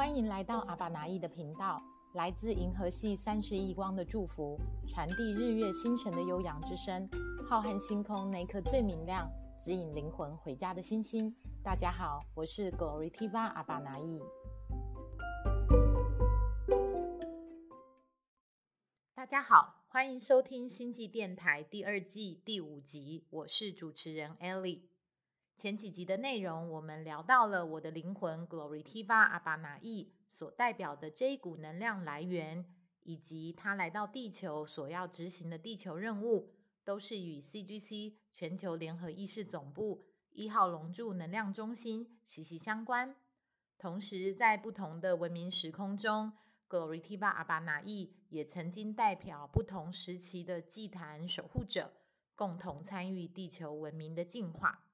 歡迎來到阿爸拿意的頻道，來自銀河系三十億光的祝福，傳遞日月星辰的悠揚之聲。浩瀚星空那顆最明亮，指引靈魂回家的星星。大家好，我是 Glory Tiva 阿爸拿意。大家好，歡迎收聽星際電台第二季第五集，我是主持人 Ellie。前幾集的內容，我們聊到了我的靈魂 Glory Tiva Abanayee 所代表的這一股能量來源，以及他來到地球所要執行的地球任務，都是與 CGC 全球聯合意識總部一號龍柱能量中心息息息相關。同時，在不同的文明時空中，Glory Tiva Abanayee 也曾經代表不同時期的祭壇守護者，共同參與地球文明的進化。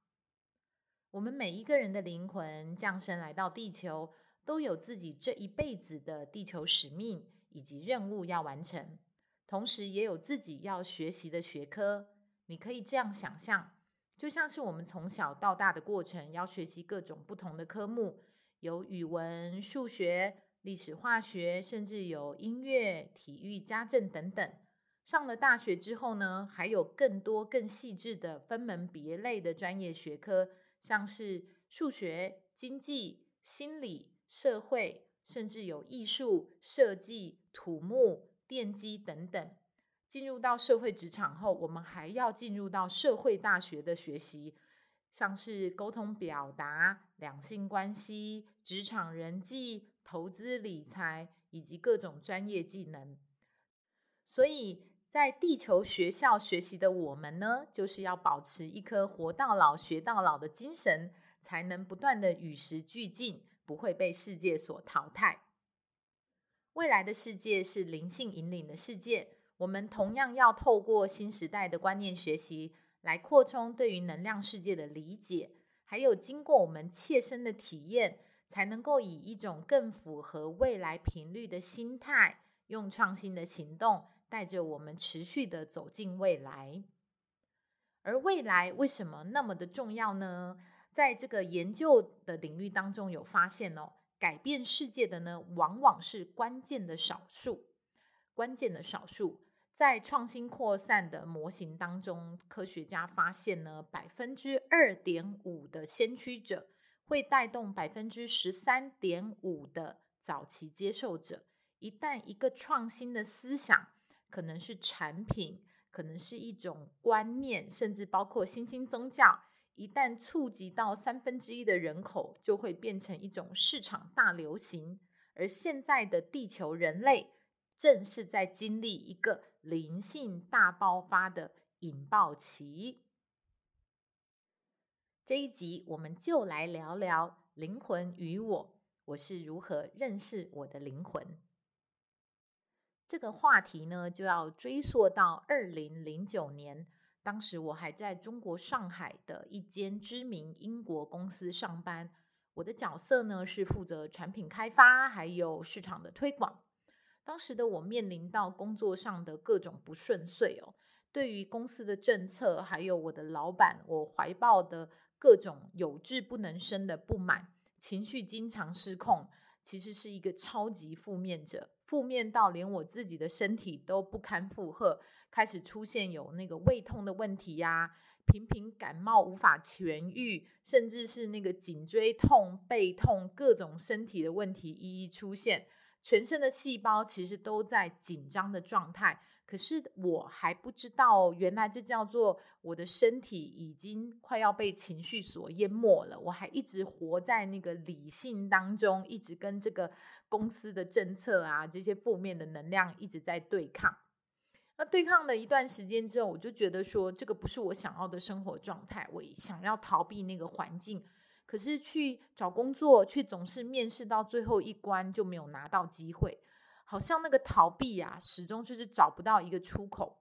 我們每一個人的靈魂降生來到地球，都有自己這一輩子的地球使命以及任務要完成，同時也有自己要學習的學科。你可以這樣想象，就像是我們從小到大的過程，要學習各種不同的科目，有語文、數學、歷史、化學，甚至有音樂、體育、家政等等。上了大學之後呢，還有更多更細緻的分門別類的專業學科。像是數學、經濟、心理、社會，甚至有藝術、設計、土木、電機等等。進入到社會職場後，我們還要進入到社會大學的學習，像是溝通表達、兩性關係、職場人際、投資理財以及各種專業技能。所以，在地球學校學習的我們呢，就是要保持一顆活到老學到老的精神，才能不斷的與時俱進，不會被世界所淘汰。未來的世界是靈性引領的世界，我們同樣要透過新時代的觀念學習，來擴充對於能量世界的理解，還有經過我們切身的體驗，才能夠以一種更符合未來頻率的心態，用創新的行動。帶着我們持續的走進未來，而未來為什麼那麼的重要呢？在這個研究的領域當中，有發現哦，改變世界的呢，往往是關鍵的少數。關鍵的少數，在創新擴散的模型當中，科學家發現呢，百分之二點五的先驅者會帶動百分之十三點五的早期接受者。一旦一個創新的思想，可能是產品，可能是一種觀念，甚至包括新興宗教。一旦觸及到三分之一的人口，就會變成一種市場大流行。而現在的地球人類，正是在經歷一個靈性大爆發的引爆期。這一集，我們就來聊聊靈魂與我，我是如何認識我的靈魂。這個話題呢，就要追溯到二零零九年。當時我還在中國上海的一間知名英國公司上班，我的角色呢是負責產品開發，還有市場的推廣。當時的我面臨到工作上的各種不順遂哦，對於公司的政策，還有我的老板，我懷抱的各種有志不能伸的不滿，情緒經常失控，其實是一個超級負面者。負面到連我自己的身體都不堪負荷，開始出現有那個胃痛的問題呀、啊，頻頻感冒無法痊癒，甚至是那個頸椎痛、背痛，各種身體的問題一一出現，全身的細胞其實都在緊張的狀態。可是我還不知道，原來這叫做我的身體已經快要被情緒所淹沒了。我還一直活在那個理性當中，一直跟這個。公司的政策啊，這些負面的能量一直在對抗。那對抗了一段時間之後，我就覺得說，這個不是我想要的生活狀態。我想要逃避那個環境，可是去找工作，卻總是面試到最後一關就沒有拿到機會。好像那個逃避啊，始終就是找不到一個出口。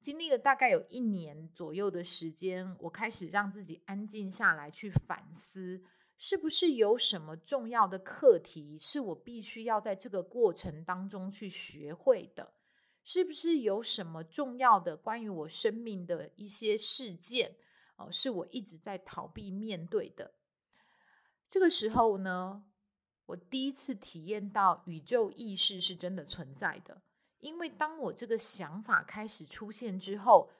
經歷了大概有一年左右的時間，我開始讓自己安靜下來去反思。是不是有什麼重要的課題是我必須要在這個過程當中去學會的？是不是有什麼重要的關於我生命的一些事件哦，是我一直在逃避面對的？這個時候呢，我第一次體驗到宇宙意識是真的存在的。因為當我這個想法開始出現之後，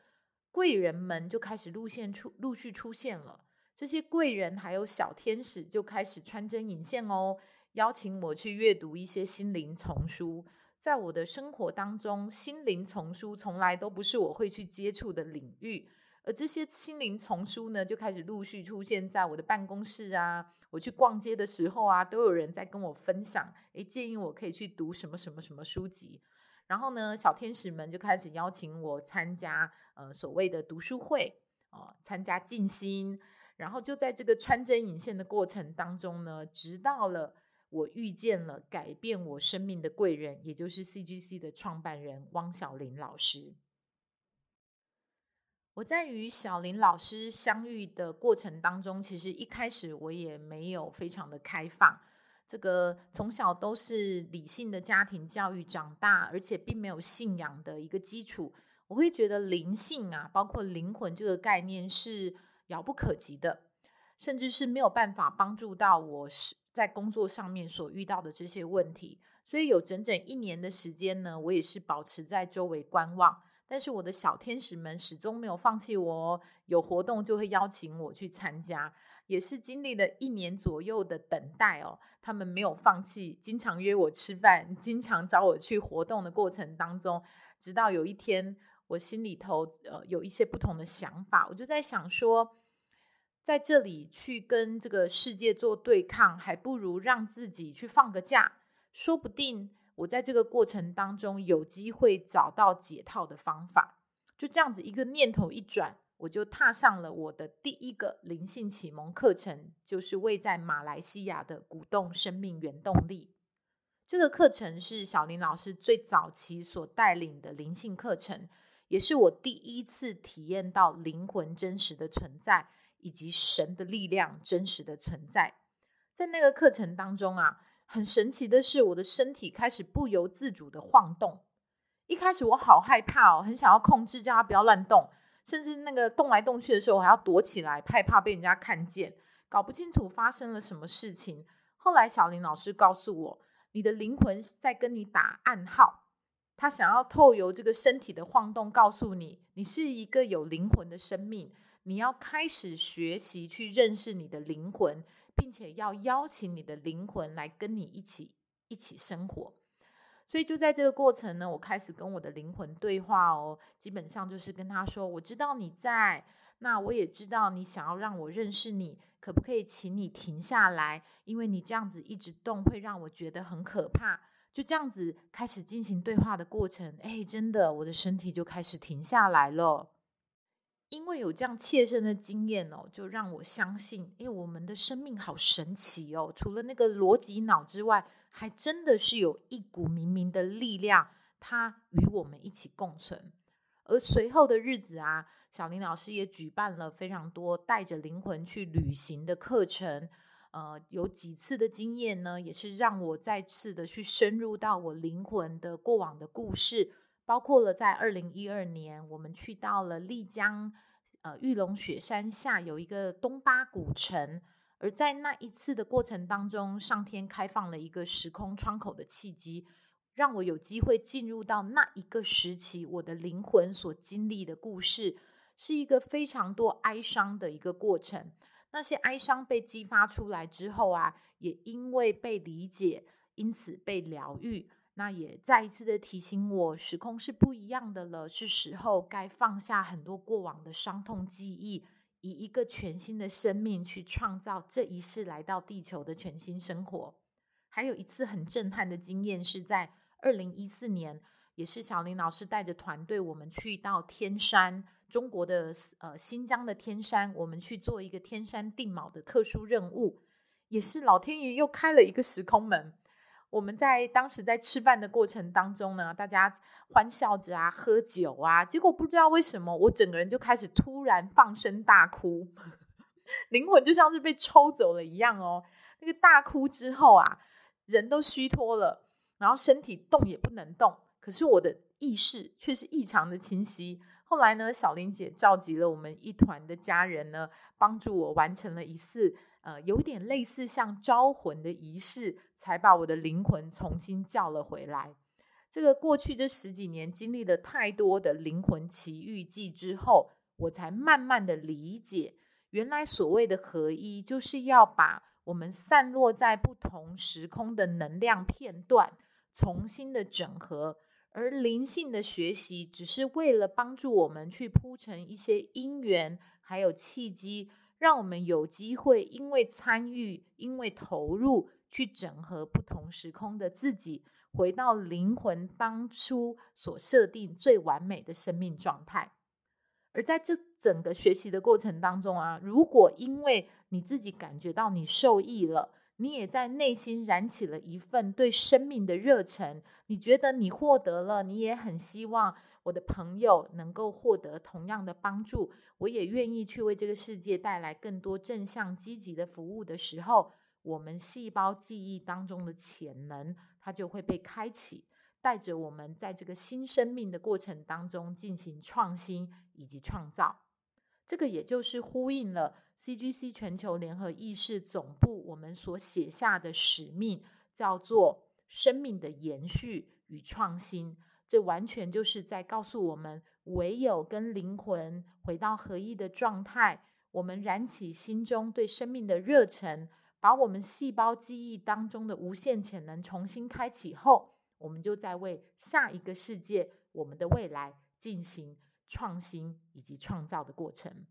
貴人們就開始陸續出陸續出現了。這些貴人還有小天使就開始穿針引線哦，邀請我去閱讀一些心靈叢書。在我的生活當中，心靈叢書從來都不是我會去接觸的領域，而這些心靈叢書呢，就開始陸續出現在我的辦公室啊，我去逛街的時候啊，都有人在跟我分享，哎，建議我可以去讀什麼什麼什麼書籍。然後呢，小天使們就開始邀請我參加呃所謂的讀書會啊，呃，參加靜心。然後就在這個穿針引線的過程當中呢，直到了我遇見了改變我生命的貴人，也就是 CGC 的創辦人汪小林老師。我在與小林老師相遇的過程當中，其實一開始我也沒有非常的開放。這個從小都是理性的家庭教育長大，而且並沒有信仰的一個基礎，我會覺得靈性啊，包括靈魂這個概念是。遙不可及的，甚至是沒有辦法幫助到我是在工作上面所遇到的這些問題。所以有整整一年的時間呢，我也是保持在周圍觀望。但是我的小天使們始終沒有放棄我哦，有活動就會邀請我去參加。也是經歷了一年左右的等待哦，他們沒有放棄，經常約我吃飯，經常找我去活動的過程當中，直到有一天我心裡頭呃有一些不同的想法，我就在想說。在這裡去跟這個世界做對抗，還不如讓自己去放個假。說不定我在這個過程當中有機會找到解套的方法。就這樣子，一個念頭一轉，我就踏上了我的第一個靈性啟蒙課程，就是位在馬來西亞的鼓動生命原動力。這個課程是小林老師最早期所帶領的靈性課程，也是我第一次體驗到靈魂真實的存在。以及神的力量真實的存在，在那個課程當中啊，很神奇的是，我的身體開始不由自主的晃動。一開始我好害怕哦，很想要控制，叫他不要亂動，甚至那個動來動去的時候，我還要躲起來，害怕被人家看見，搞不清楚發生了什麼事情。後來小林老師告訴我，你的靈魂在跟你打暗號，他想要透由這個身體的晃動，告訴你，你是一個有靈魂的生命。你要開始學習去認識你的靈魂，並且要邀請你的靈魂來跟你一起一起生活。所以就在這個過程呢，我開始跟我的靈魂對話哦，基本上就是跟他說：“我知道你在，那我也知道你想要讓我認識你，可不可以請你停下來？因為你這樣子一直動，會讓我覺得很可怕。”就這樣子開始進行對話的過程，哎，真的，我的身體就開始停下來了。因為有這樣切身的經驗哦，就讓我相信，欸，我們的生命好神奇哦！除了那個邏輯腦之外，還真的是有一股冥冥的力量，它與我們一起共存。而隨後的日子啊，小林老師也舉辦了非常多帶着靈魂去旅行的課程。呃，有幾次的經驗呢，也是讓我再次的去深入到我靈魂的過往的故事。包括了在二零一二年，我們去到了麗江，呃，玉龍雪山下有一個東巴古城。而在那一次的過程當中，上天開放了一個時空窗口的契機，讓我有機會進入到那一個時期，我的靈魂所經歷的故事，是一個非常多哀傷的一個過程。那些哀傷被激發出來之後啊，也因為被理解，因此被療癒。那也再一次的提醒我，時空是不一樣的了，是時候該放下很多過往的傷痛記憶，以一個全新的生命去創造這一世來到地球的全新生活。還有一次很震撼的經驗，是在二零一四年，也是小林老師帶着團隊，我們去到天山，中國的呃、新疆的天山，我們去做一個天山地錨的特殊任務，也是老天爺又開了一個時空門。我們在當時在吃飯的過程當中呢，大家歡笑着啊，喝酒啊，結果不知道為什麼，我整個人就開始突然放聲大哭，靈魂就像是被抽走了一樣哦。那個大哭之後啊，人都虛脫了，然後身體動也不能動，可是我的意識卻是異常的清晰。後來呢，小玲姐召集了我們一團的家人呢，幫助我完成了儀式。呃，有點類似像招魂的儀式，才把我的靈魂重新叫了回來。這個過去這十幾年經歷了太多的靈魂奇遇記之後，我才慢慢的理解，原來所謂的合一，就是要把我們散落在不同時空的能量片段重新的整合。而靈性的學習，只是為了幫助我們去鋪陳一些因緣，還有契機。讓我們有機會，因為參與，因為投入，去整合不同時空的自己，回到靈魂當初所設定最完美的生命狀態。而在這整個學習的過程當中啊，如果因為你自己感覺到你受益了，你也在內心燃起了一份對生命的熱忱，你覺得你獲得了，你也很希望，我的朋友能夠獲得同樣的幫助，我也願意去為這個世界帶來更多正向積極的服務的時候，我們細胞記憶當中的潛能它就會被開啟，帶着我們在這個新生命的過程當中進行創新以及創造。這個也就是呼應了 CGC 全球聯合意識總部我們所寫下的使命，叫做生命的延續與創新。這完全就是在告訴我們：唯有跟靈魂回到合一的狀態，我們燃起心中對生命的熱忱，把我們細胞記憶當中的無限潛能重新開啟後，我們就在為下一個世界、我們的未來進行創新以及創造的過程。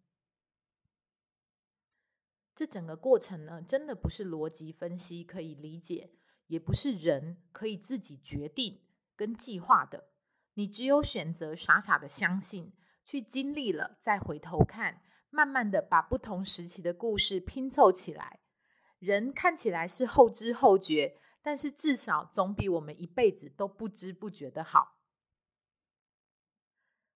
這整個過程呢，真的不是邏輯分析可以理解，也不是人可以自己決定。跟計劃的，你只有選擇傻傻的相信，去經歷了再回頭看，慢慢的把不同時期的故事拼湊起來。人看起來是後知後覺，但是至少總比我們一輩子都不知不覺的好。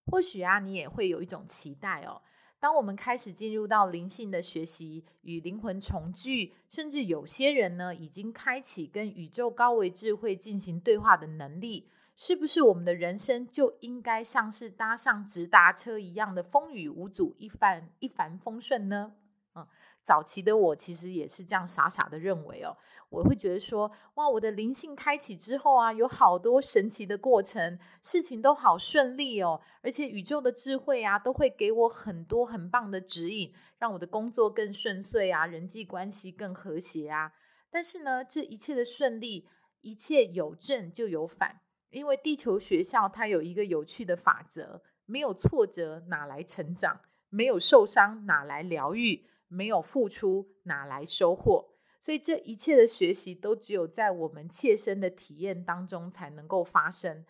或許啊，你也會有一種期待哦。當我們開始進入到靈性的學習與靈魂重聚，甚至有些人呢已經開啟跟宇宙高維智慧進行對話的能力，是不是我們的人生就應該像是搭上直達車一樣的風雨無阻、一帆一帆風順呢？嗯。早期的我其實也是這樣傻傻的認為哦，我會覺得說哇，我的靈性開啟之後啊，有好多神奇的過程，事情都好順利哦，而且宇宙的智慧啊，都會給我很多很棒的指引，讓我的工作更順遂啊，人際關係更和諧啊。但是呢，這一切的順利，一切有正就有反，因為地球學校它有一個有趣的法則：沒有挫折哪來成長，沒有受傷哪來療癒。沒有付出，哪來收穫？所以，這一切的學習都只有在我們切身的體驗當中才能夠發生。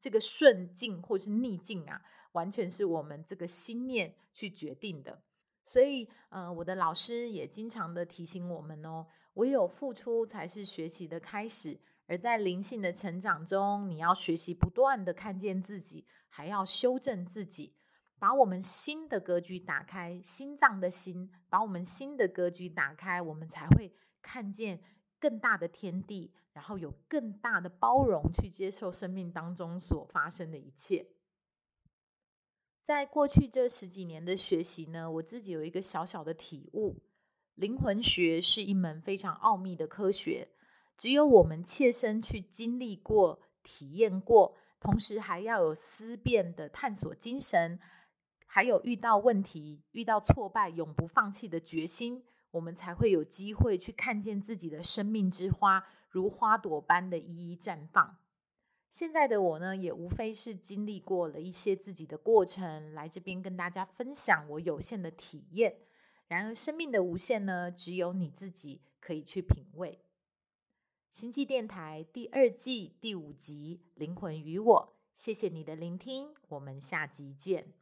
這個順境或是逆境啊，完全是我們這個心念去決定的。所以，呃，我的老師也經常的提醒我們哦：唯有付出才是學習的開始。而在靈性的成長中，你要學習不斷的看見自己，還要修正自己。把我們心的格局打開，心臟的心，把我們心的格局打開，我們才會看見更大的天地，然後有更大的包容去接受生命當中所發生的一切。在過去這十幾年的學習呢，我自己有一個小小的體悟：靈魂學是一門非常奧秘的科學，只有我們切身去經歷過、體驗過，同時還要有思辨的探索精神。還有遇到問題、遇到挫敗，永不放棄的決心，我們才會有機會去看見自己的生命之花，如花朵般的一一綻放。現在的我呢，也無非是經歷過了一些自己的過程，來這邊跟大家分享我有限的體驗。然而，生命的無限呢，只有你自己可以去品味。星際電台第二季第五集《靈魂與我》，謝謝你的聆聽，我們下集見。